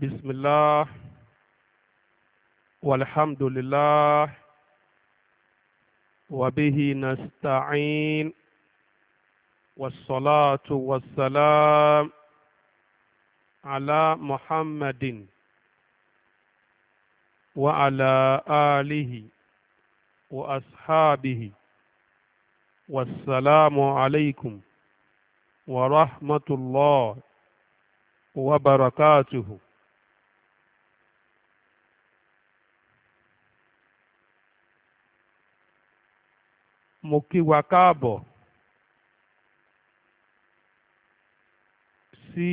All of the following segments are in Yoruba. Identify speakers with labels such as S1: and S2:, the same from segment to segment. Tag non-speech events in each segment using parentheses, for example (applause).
S1: بسم الله والحمد لله وبه نستعين والصلاة والسلام على محمد وعلى آله وأصحابه والسلام عليكم ورحمة الله وبركاته mo kí wa káàbọ̀ sí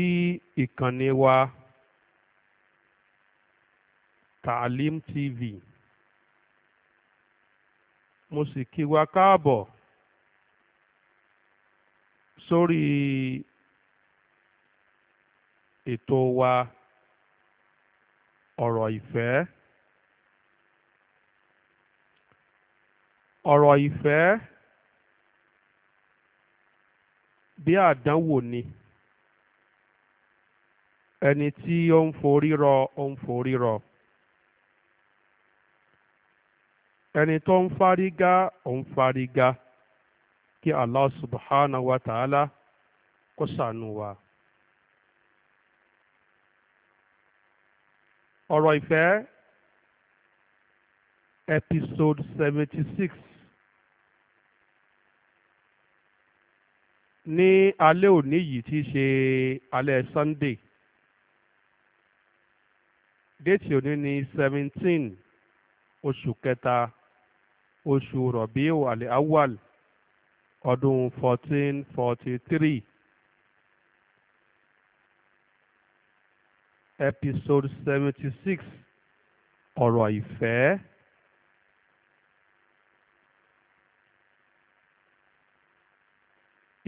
S1: ìkànnì wa Taalim TV mo sì kí wa káàbọ̀ sórí ètò wa ọ̀rọ̀ ìfẹ́. ọ̀rọ̀ ìfẹ́ bí àdánwò ni ẹni tí ó ń forí rọ ó ń forí rọ ẹni tó ń fárígá ó ń fárígá kí Allah subhanahu wa ta'ala kó ṣàánú wa. ọ̀rọ̀ ìfẹ́ episode seventy six. ní alẹ́ òní yìí tí í ṣe alẹ́ Sunday déètì òní ni seventeen oṣù kẹta oṣù rọ̀bíù alẹ́ awal ọdún fourteen forty three episode seventy six ọ̀rọ̀ ìfẹ́.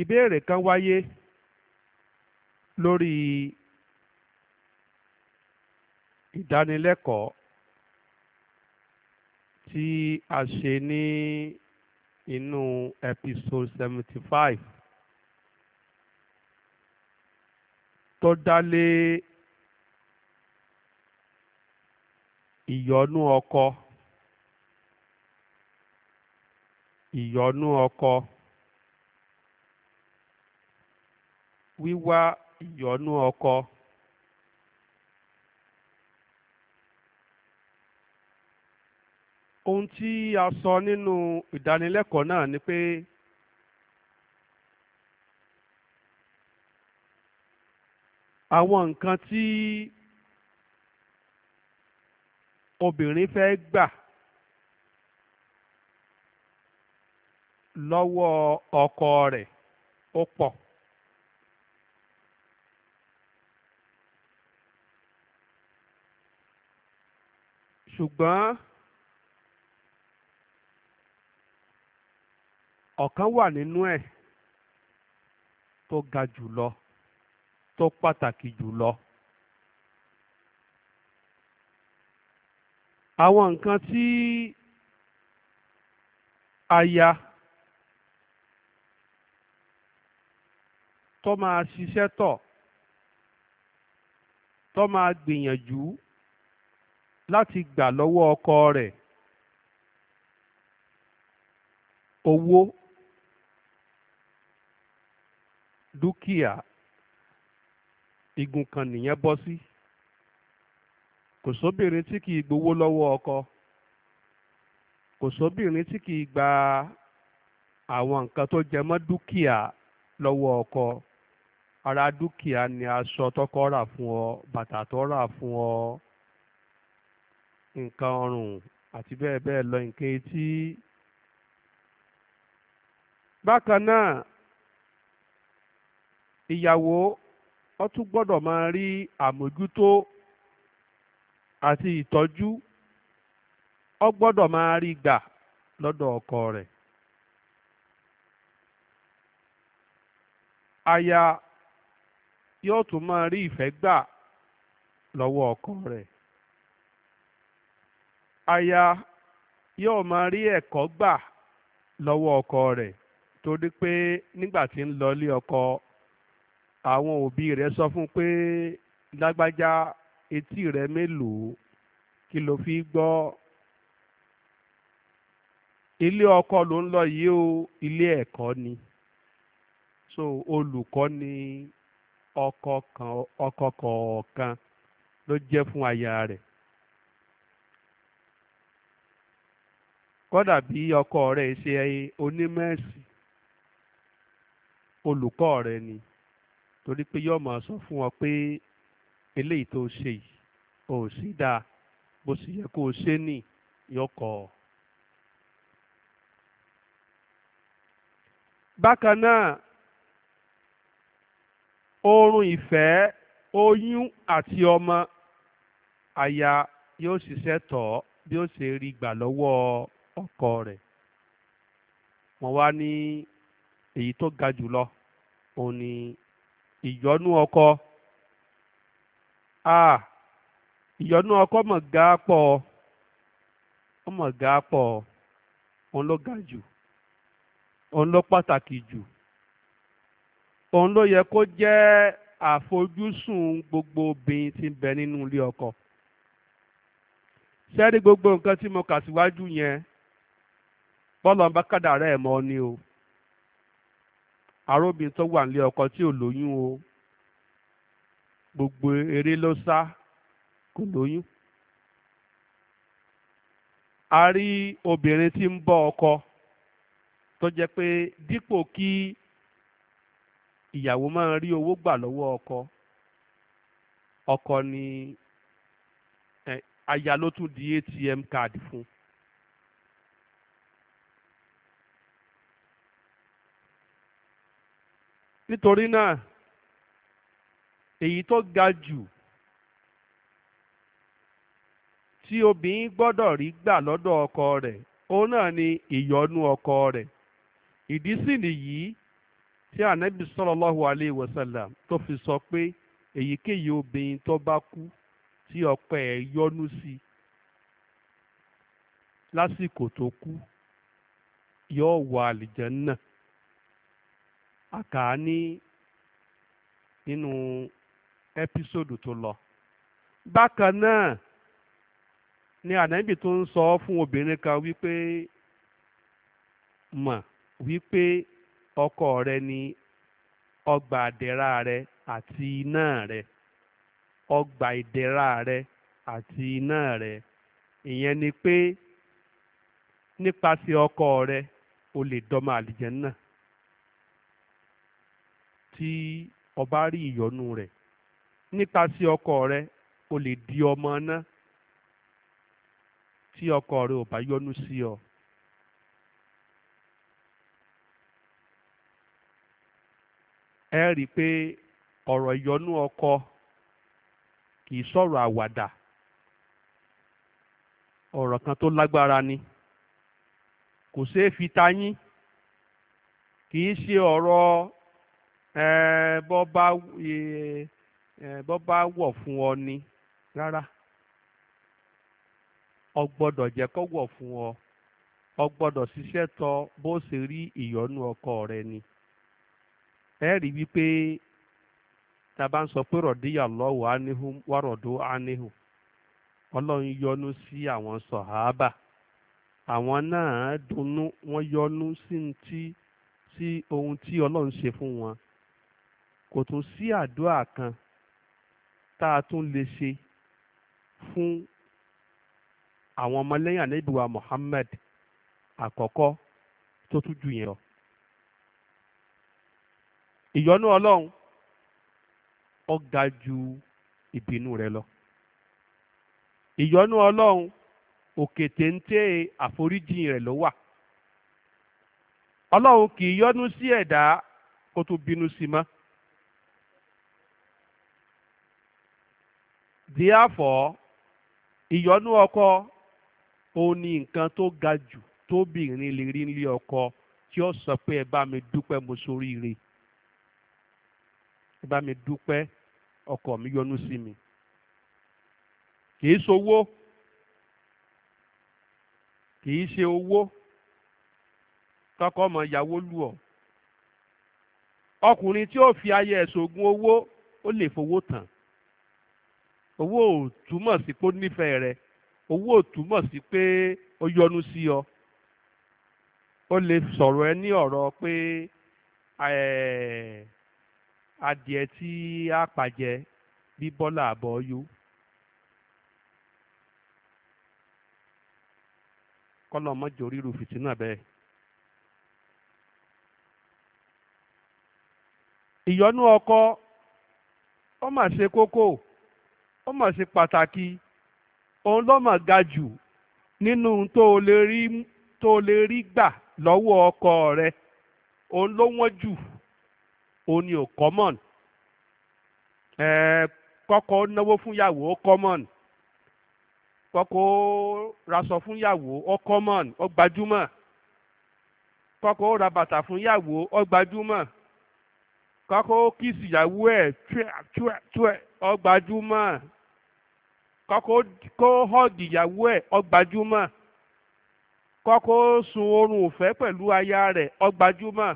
S1: ìbéèrè kan wáyé lórí ìdánilẹ́kọ̀ọ́ tí a ṣe ní inú episode seventy five tó dá lé ìyọnú ọkọ ìyọnú ọkọ. wíwá ìyọnú ọkọ ohun tí a sọ nínú ìdánilẹ́kọ̀ọ́ náà ni pé àwọn nǹkan tí obìnrin fẹ́ gbà lọ́wọ́ ọkọ rẹ̀ ó pọ̀. ṣùgbọ́n ọ̀kan wà nínú ẹ̀ tó ga jùlọ tó pàtàkì jùlọ. àwọn nǹkan tí aya tó máa ṣiṣẹ́ tọ̀ tó máa gbìyànjú láti gbà lọ́wọ́ ọkọ rẹ̀ owó dúkìá igun kan nìyẹn bọ́ sí kò sóbìnrin tí kì í gbowó lọ́wọ́ ọkọ kò sóbìnrin tí kì í gba àwọn nǹkan tó jẹ mọ́ dúkìá lọ́wọ́ ọkọ ara dúkìá ni aṣọ tọkọ rà fún ọ bàtà tó rà fún ọ nǹkan ọrùn àti bẹ́ẹ̀ bẹ́ẹ̀ lọ nǹkan etí. bákan náà ìyàwó ó tún gbọ́dọ̀ máa rí àmójútó àti ìtọ́jú ó gbọ́dọ̀ máa rí gbà lọ́dọ̀ ọkọ rẹ̀. àyà yóò tún máa rí ìfẹ́ gbà lọ́wọ́ ọkọ rẹ̀. aya yóò máa rí ẹ̀kọ́ gbà lọ́wọ́ ọkọ rẹ̀ torí pé nígbà tí ń lọ ilé ọkọ àwọn òbí rẹ̀ sọ fún pé lágbájá etí rẹ̀ mélòó kí ló fi gbọ́ ilé ọkọ ló ń lọ yìí o ilé ẹ̀kọ́ ni so olùkọ́ ni ọkọ kọ̀ọ̀kan ló jẹ́ fún aya rẹ̀. kódà bí ọkọ rẹ̀ ṣe onímọ̀ olùkọ́ rẹ̀ ni torí pé yóò máa sọ fún ọ pé eléyìí tó ṣe yìí ò sí dáa bó sì yẹ kó o ṣe ní yọkọ. bákan náà oorun ìfẹ́ oyún àti ọmọ àyà yóò ṣiṣẹ́ tọ̀ bí ó ṣe rí gbà lọ́wọ́ ọkọ rẹ̀ wọ́n wá ní èyí tó ga jùlọ òun ni ìyọnú ọkọ a ìyọnú ọkọ mọ̀ ga pọ̀ ó mọ̀ ga pọ̀ òun ló ga jù òun ló pàtàkì jù òun ló yẹ kó jẹ́ àfojúsùn gbogbo obìnrin tí bẹ nínú ilé ọkọ ṣẹ́ẹ́rí gbogbo nǹkan tí mo kà síwájú yẹn bọ́lọ̀ ń bá kádàrá ẹ̀ ni o aróbìn tó wà nílé ọkọ tí ò lóyún o gbogbo eré ló sá kò lóyún a rí obìnrin tí ń bọ ọkọ tó jẹ pé dípò kí ìyàwó máa rí owó gbà lọwọ ọkọ ọkọ ni aya ló tún di ATM card fún un nítorí náà èyí tó ga jù tí obìnrin gbọ́dọ̀ rí gbà lọ́dọ̀ ọkọ rẹ̀ òun náà ni ìyọ́nú ọkọ rẹ̀ ìdí sì nìyí tí ànábì sallallahu alayhi wa sallam tó fi sọ pé èyíkéyìí obìnrin tó bá kú tí ọkọ ẹ̀ yọ́nú sí lásìkò tó kú yóò wọ àlìjánnà. aka ní nínú ẹ́písòdù tó lọ bákan náà ni ànábì tó ń sọ fún obìnrin kan wípé ma wípé ọkọ rẹ ni ọgbà àdẹ̀rà rẹ àti iná rẹ ọgbà ìdẹ̀ra rẹ àti iná rẹ ìyẹn ni pé nípasẹ̀ ọkọ rẹ o lè dọmọ àlìjẹ́ náà tí ọba rí ìyọnu rẹ̀ nípasẹ̀ ọkọ rẹ o lè di ọmọ náà tí ọkọ rẹ ò bá yọnu sí ọ. ẹ rí i pé ọ̀rọ̀ ìyọnu ọkọ kì í sọ̀rọ̀ àwàdà ọ̀rọ̀ kan tó lágbára ni kò ṣeé fi ta yín kì í ṣe ọ̀rọ̀ Eh, bọ́ bá eh, eh, bọ́ wọ̀ fún ọ ni rárá ọ gbọ́dọ̀ jẹ́ kó wọ̀ fún ọ ọ gbọ́dọ̀ ṣiṣẹ́ tọ bó ṣe rí ìyọ́nú ọkọ rẹ ni ẹ rí wípé tá a bá ń sọ pé rọ̀díyà lọ́wọ́ ánihu wárọ̀dọ́ ánihu ọlọ́run yọ́nú sí àwọn sọ̀háábà àwọn náà dunnú wọ́n yọ́nú sí ti ohun tí ọlọ́run ṣe fún wọn kò tún sí àdúrà kan tá a tún lè ṣe fún àwọn ọmọlẹ́yìn ànábìwá Muhammad àkọ́kọ́ tó tún jù yẹn lọ. ìyọ́nú ọlọ́run ó ga ju ìbínú rẹ̀ lọ. ìyọ́nú ọlọ́run òkè téńté àforíjì rẹ̀ ló wà. ọlọ́run kì í yọ́nú sí ẹ̀dá kó tó bínú sí mọ́. therefore ìyọnú ọkọ òun ni nǹkan tó ga jù tóbìnrin lè rí nílé ọkọ tí ó sọ pé ẹ bá mi dúpẹ́ mo ṣoríire ẹ bá mi dúpẹ́ ọkọ mi yọnú sí mi kìí ṣowó kìí ṣe owó kọkọ ọmọ ìyàwó lù ọ ọkùnrin tí ó fi ayé ẹ̀sùn ogun owó ó lè fowó tán owó ò túmọ̀ sí pé ó nífẹ̀ẹ́ rẹ owó ò túmọ̀ sí pé ó yọ́nú sí ọ ó lè sọ̀rọ̀ ẹ ní ọ̀rọ̀ pé adìẹ tí a pàjẹ bí bọ́lá àbọ̀ yó kọ́lọ̀ mọ́jọ ríru fìtínà bẹ́ẹ̀. ìyọnú ọkọ mà ṣe ó mà ṣe pàtàkì òun ló mà ga jù nínú tó o lè rí tó o lè rí gbà lọ́wọ́ ọkọ rẹ òun ló wọ́n jù òun ni ò common kọ́kọ́ náwó fún ó common kọ́kọ́ raṣọ fún ó common ó gbajúmọ̀ kọ́kọ́ ra bàtà fún yàwó ó gbajúmọ̀ kọ́kọ́ kọ́kọ́ kó họ́ọ̀dì ìyàwó ẹ̀ ọgbàjúmọ̀ kọ́kọ́ sun oorun òfẹ́ pẹ̀lú aya rẹ̀ ọgbàjúmọ̀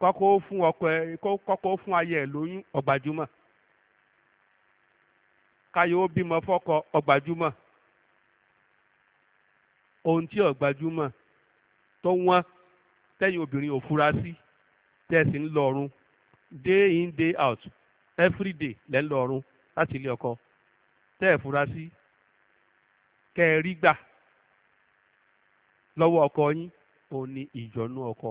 S1: kọ́kọ́ fún ọkọ ẹ kọ́kọ́ fún aya ẹ lóyún ọgbàjúmọ̀ káyọ̀ ó bímọ fọ́kọ ọgbàjúmọ̀ ohun tí ọgbàjúmọ̀ tó wọ́n tẹ́yìn obìnrin ò fura sí tẹ́sí ń lọ́rùn day in day out everyday lẹ́ ń lọ ọ̀run láti ilé ọkọ tẹ́ ẹ̀ fura sí kẹ́ ẹ rí gbà lọ́wọ́ ọkọ yín òun ni ìjọ̀nú ọkọ.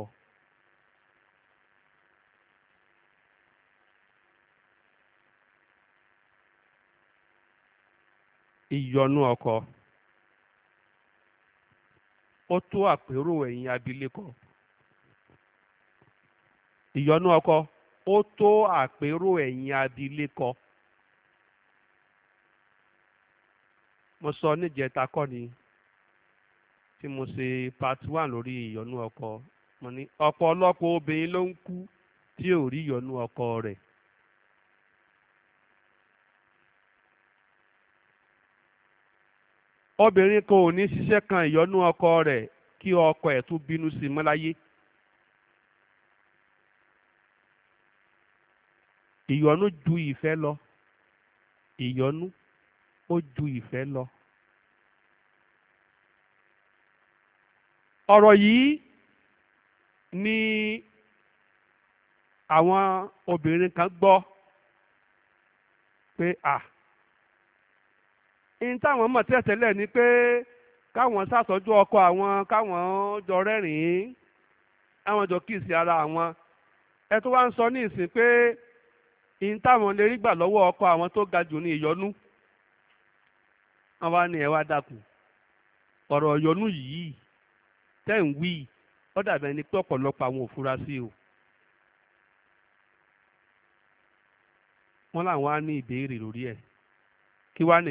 S1: ìyọnú ọkọ ó tó àpérò ẹ̀yin abilékọ ìyọnú ọkọ ó tó àpérò ẹ̀yìn abilékọ. mo sọ níjẹta kọ́ ni tí mo ṣe part one lórí ìyọnú ọkọ mo ní ọ̀pọ̀lọpọ̀ obìnrin ló ń kú tí ò rí ìyọnú ọkọ rẹ̀. obìnrin kan ò ní ṣiṣẹ́ kan ìyọnú ọkọ rẹ̀ kí ọkọ ẹ̀ tún bínú sí i ìyọnu ju ìfẹ́ lọ ìyọnu ó ju ìfẹ́ lọ. ọ̀rọ̀ yìí ni àwọn obìnrin kan gbọ́ pé à ní táwọn mọ̀ tẹ́tẹ́lẹ̀ ni pé káwọn sàtọ́jú ọkọ àwọn káwọn jọ rẹ́rìn-ín àwọn jọ kíìsì ara àwọn ẹ tó wá ń sọ ní ìsìn pé in táwọn lè rí gbà lọ́wọ́ ọkọ àwọn tó ga jù ní ìyọnú wọn wá ní ẹ wá ọ̀rọ̀ ìyọnú yìí tẹ́ ń wí ó o wọ́n làwọn á ní ìbéèrè lórí ẹ̀ kí wá ní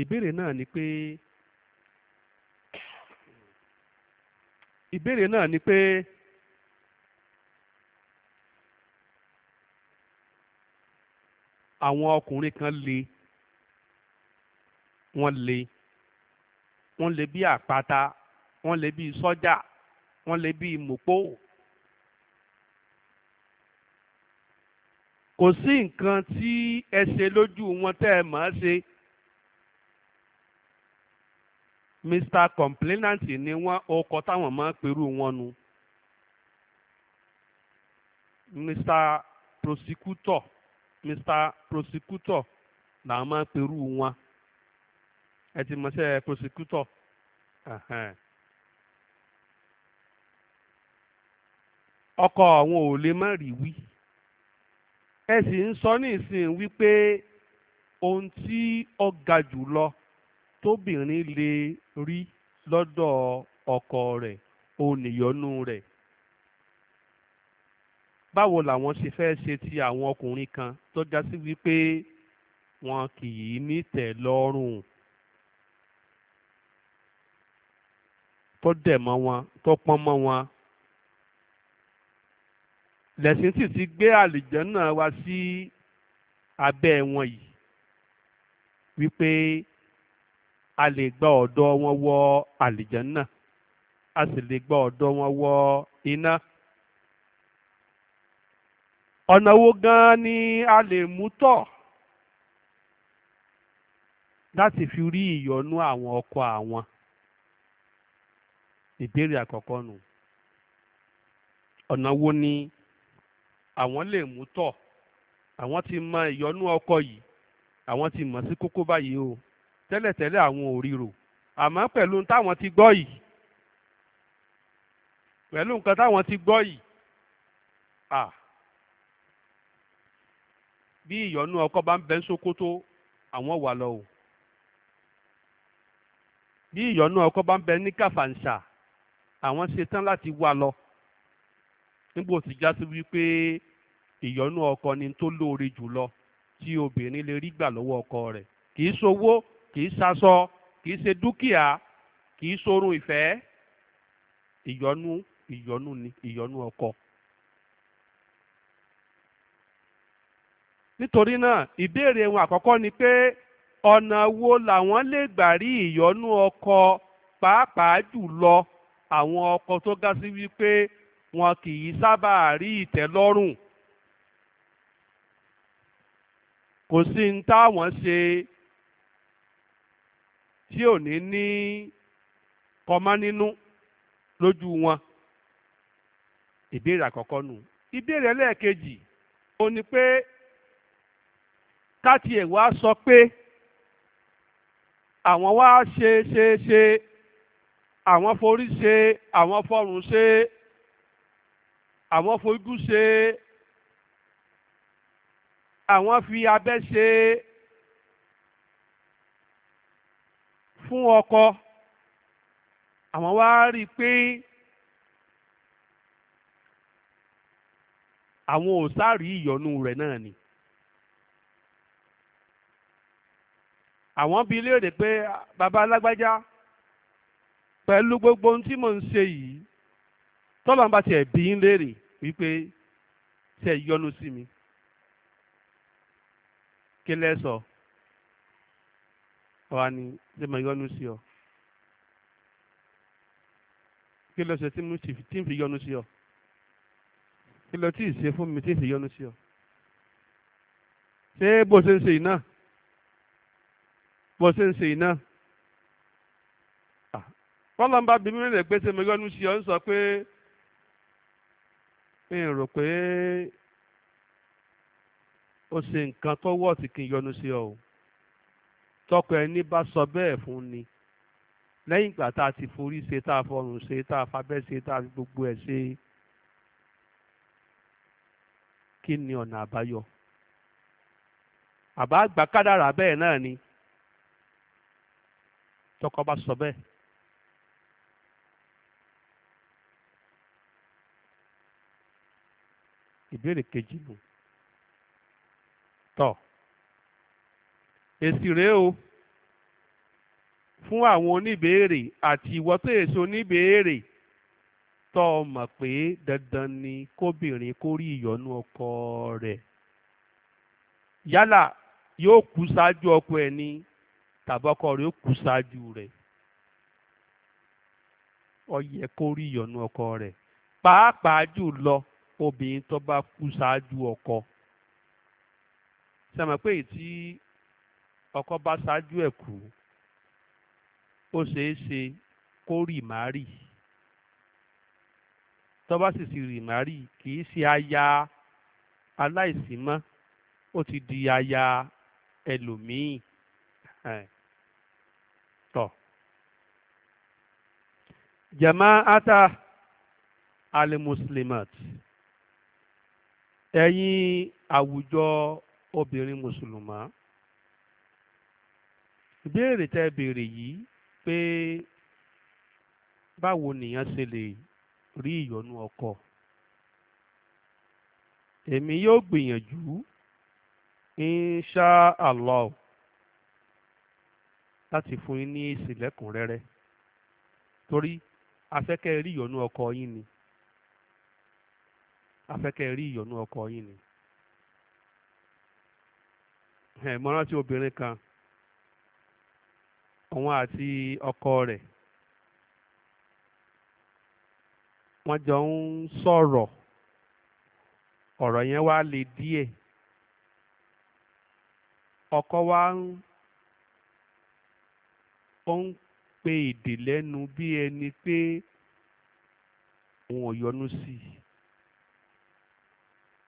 S1: ìbéèrè náà ni pé àwọn ọkùnrin kan le wọ́n le wọ́n le bí àpáta wọ́n le bí sọ́jà wọ́n le bí mòpó. kò sí nǹkan tí ẹ ṣe lójú wọn tẹ́ ẹ mọ̀ ọ́ ṣe. Mr complainant ni wọ́n ọkọ táwọn máa ń perú wọn nu Mr prosecutor mr prosecutor na máa ma perú wọn ẹ prosecutor ọkọ àwọn ò lè má rí wí ẹ sì ń sọ wípé ohun tí ó ga jù lọ tóbìnrin lè rí lọ́dọ̀ ọkọ rẹ̀ oniyonu rẹ̀ báwo làwọn ṣe fẹ́ ṣe ti àwọn ọkùnrin kan tó já sí wípé wọn kì í ní tẹ̀ lọ́rùn tó dẹ̀ mọ́ wọn tó pọ́n mọ́ wọn lẹ̀sìn sì ti gbé àlìjẹ́ wá sí abẹ́ wọn yìí wípé a lè gba ọ̀dọ̀ wọn wọ àlìjẹ́ a sì lè gba ọ̀dọ̀ wọn wọ iná ọ̀nà wo gan-an ni a lè mú tọ̀ láti fi rí ìyọ́nú àwọn ọkọ àwọn ìbéèrè àkọ́kọ́ nù ọ̀nà wo ni àwọn lè mú tọ̀ àwọn ti mọ ìyọ́nú ọkọ yìí àwọn ti mọ̀ sí kókó báyìí o tẹ́lẹ̀tẹ́lẹ̀ àwọn ò ríro àmọ́ pẹ̀lú táwọn ti gbọ́ yìí pẹ̀lú nǹkan táwọn ti gbọ́ yìí ah bí ìyọnu ọkọ bá ń bẹ ń Sókótó àwọn wà lọ o bí ìyọnu ọkọ bá ń bẹ ní Kàfàǹṣà àwọn ṣetán láti wà lọ nígbò tí já sí wípé ìyọnu ọkọ ni tó lóore jùlọ tí obìnrin lè rí gbà lọ́wọ́ ọkọ rẹ̀ kì í ṣowó kì í ṣaṣọ kì í ṣe dúkìá kì í ṣorun ìfẹ́ ìyọnu ìyọnu ni ìyọnu ọkọ nítorí náà ìbéèrè wọn àkọ́kọ́ ni pé ọ̀nà wo làwọn lè gbà rí ìyọ́nú ọkọ pàápàá jùlọ àwọn ọkọ tó ga sí wípé wọn kì í sábà rí ìtẹ́lọ́rùn kò sí ní táwọn ṣe tí ò ní ní kọmá nínú lójú wọn ìbéèrè àkọ́kọ́ nù ìbéèrè ẹlẹ́ẹ̀kejì ó ní pé káti ẹ̀ wá sọ pé àwọn wá ṣe ṣe ṣe àwọn forí ṣe àwọn fọrùn ṣe àwọn fojú ṣe àwọn fi abẹ́ ṣe fún ọkọ àwọn wá rí i pé àwọn ò sáré ìyọnu rẹ̀ náà ni. àwọn bíi léèrè pé bàbá alágbájá pẹ̀lú gbogbo ohun tí mò ń ṣe yìí tọ́lọ́mbà tiẹ̀ bí ń léèrè wípé tiẹ̀ yọ́nú sí mi kí lẹ́ sọ ọ̀hà ni ṣé mo yọ́nú sí ọ kí ló ṣe tí mo ti fi yọ́nú sí ọ kí ló tí ì ṣe fún mi tí ì fi yọ́nú sí ọ ṣé bó ṣe ń ṣe yìí náà bó ṣe ń ṣe iná fọlọ́n ah, bá bí mílíọ̀nù pé ṣe mẹ́gọ́nù sí ọ ń sọ pé mi ò rò pé ó ṣe nǹkan tó wọ̀ tí kì í yọnu sí ọ o tọkọ ẹni bá sọ bẹ́ẹ̀ fún ni lẹ́yìn ìgbà tá a ti forí ṣe tá a fọrùn ṣe tá a fabẹ́ ṣe tá a gbogbo ẹ̀ ṣe kí ni ọ̀nà àbáyọ àbá àgbà kádàrà bẹ́ẹ̀ náà ni tọkọ bá sọ bẹ́ẹ̀. ìbéèrè kejì nù tọ èsì rèé o fún àwọn oníbèèrè àti ìwọ tó èso oníbèèrè tó o mọ̀ pé dandan ni kóbìnrin kó rí ìyọnu ọkọ rẹ̀ yálà yóò kú ṣáájú ọkọ ẹ̀ ni tàbọ́kọ rẹ̀ ó kú ṣáájú rẹ̀ ó yẹ kó rí ìyọ̀nú ọkọ rẹ̀ pàápàá jùlọ obìnrin tó bá kú ṣáájú ọkọ sàmà pé tí ọkọ bá ṣáájú ẹ̀ kú ó ṣeé ṣe kó rì má rì tó bá sì sì rì má rì kì í ṣe aya aláìsí mọ́ ó ti di aya ẹlòmíì. Eh. jamaata alimuslimat ẹ̀yin àwùjọ obìnrin mùsùlùmá ìbéèrè tẹ́ béèrè yìí pé báwo nìyẹn ṣe lè rí ìyọnu ọkọ èmi yóò gbìyànjú insha allah láti fún yín ní èsì lẹ́kùnrẹ́rẹ́ torí afẹ́kẹ́ rí ìyọ̀nú ọkọ yín ni afẹ́kẹ́ rí ìyọ̀nú ọkọ yín ni ẹ̀ mo rántí obìnrin kan òun àti ọkọ rẹ̀ wọ́n jọ ń sọ̀rọ̀ ọ̀rọ̀ yẹn wá le díẹ̀ ọkọ wa ń ó ń pe èdè lẹ́nu bí ẹni pé wọn ọ̀yọ́nú sí i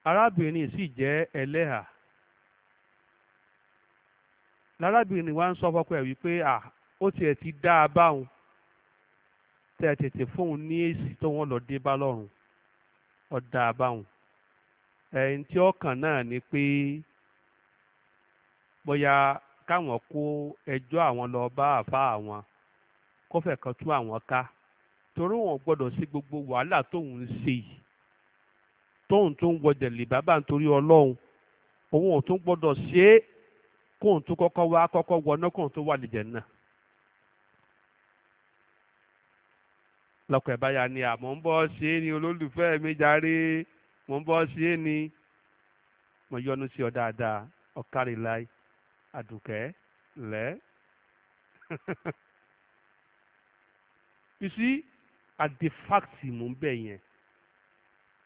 S1: arábìnrin sì jẹ́ ẹlẹ́hà lárábìnrin wa ń sọ fọ́pọ̀ wípé à ó tiẹ̀ ti dá a báwọn tẹ́ tètè fóun ní èsì tó wọ́n lọ dé bá lọ́rùn ó dá a báwọn ẹ̀yìn tí ọkàn náà ni pé bóyá káwọn kó ẹjọ́ àwọn lọ bá àfa àwọn kọ́fẹ̀ kan tú àwọn ká torí wọn gbọ́dọ̀ sí gbogbo wàhálà tóun ń ṣe yìí tóun tó ń wọjà lè bàbá nítorí ọlọ́run òun ò tún ṣe é kóun tó kọ́kọ́ wá kọ́kọ́ wọná kóun tó wà lìjẹ̀ náà. lọ́kọ̀ ẹ̀ ni àmọ́ ń bọ́ ṣe é ni olólùfẹ́ mi jàre mò ń bọ́ ṣe é ni mo yọnu sí ọ dáadáa ọ̀kárìláì àdùkẹ́ lẹ́ẹ́. (laughs) you see at the fact mò ń bẹ̀ yẹn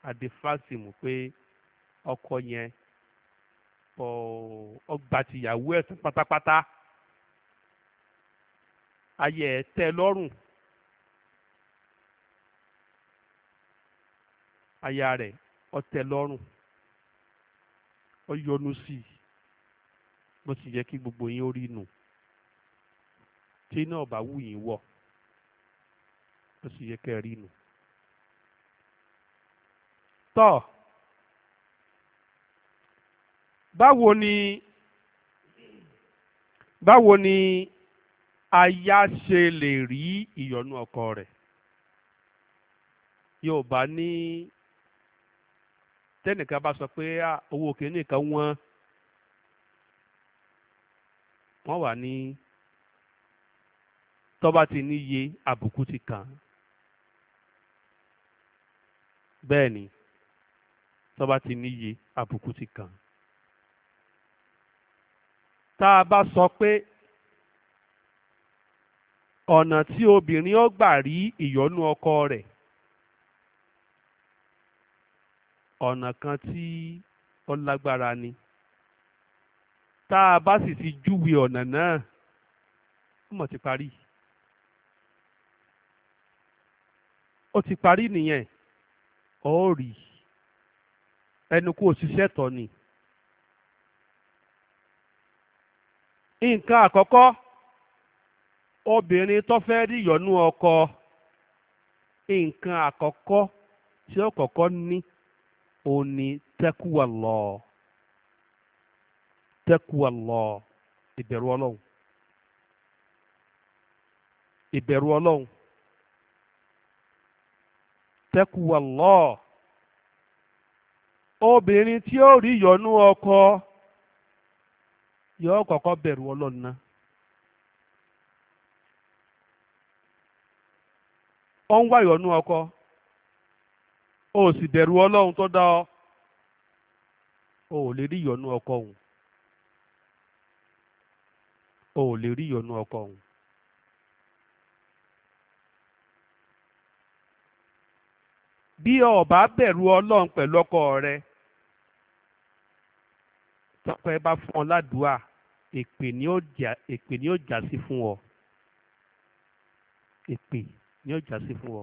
S1: at the fact mò pé ọkọ yẹn ọgbà tìyàwó ẹ̀ tán pátápátá ayé ẹ̀ tẹ́ lọ́rùn aya rẹ̀ ọtẹ lọ́rùn ó yọnu sí i bó ti yẹ kí gbogbo yín ó rí nù tí náà bá wù yín wọ̀ ó sì yẹ kẹ́ ẹ rí nu. tọ́ báwo ni báwo ni aya ṣe lè rí ìyọnu ọkọ rẹ̀ yorùbá ní tẹnìkan bá sọ pé owó kìíní kan wọ́n wọ́n wà ní tọ́ba ti níye àbùkù ti kàn án. bẹ́ẹ̀ ni tó ti níye àbùkù ti kàn án tá a bá sọ pé ọ̀nà tí obìnrin ó gbà rí ìyọ́nú ọkọ rẹ̀ ọ̀nà kan tí ó lágbára ni tá a bá sì ti júwe ọ̀nà náà ó mọ̀ ti parí ó ti parí nìyẹn. ó rí osise o tọ̀ ni. nǹkan àkọ́kọ́ obìnrin tó fẹ́ rí ìyọ́nú ọkọ nǹkan àkọ́kọ́ tí ó kọ́kọ́ ní tẹ́kùwà lọ tẹ́kùwà lọ ìbẹ̀rù ọlọ́run taqwallah obìnrin tí ó rí yọnú ọkọ yóò kọ́kọ́ bẹ̀rù ọlọ́run náà. ó ń wá ìyọnú ọkọ o sì bẹ̀rù ọlọ́run tó dá ọ o ò lè rí ìyọnú ọkọ òun o ò lè rí ìyọnú ọkọ òun. bí o bá bẹ̀rù ọlọ́run pẹ̀lú ọkọ rẹ tọkọ ẹ bá fún ọ ládùúà èpè ni ó jà sí fún ọ èpè ni ó jà sí fún ọ.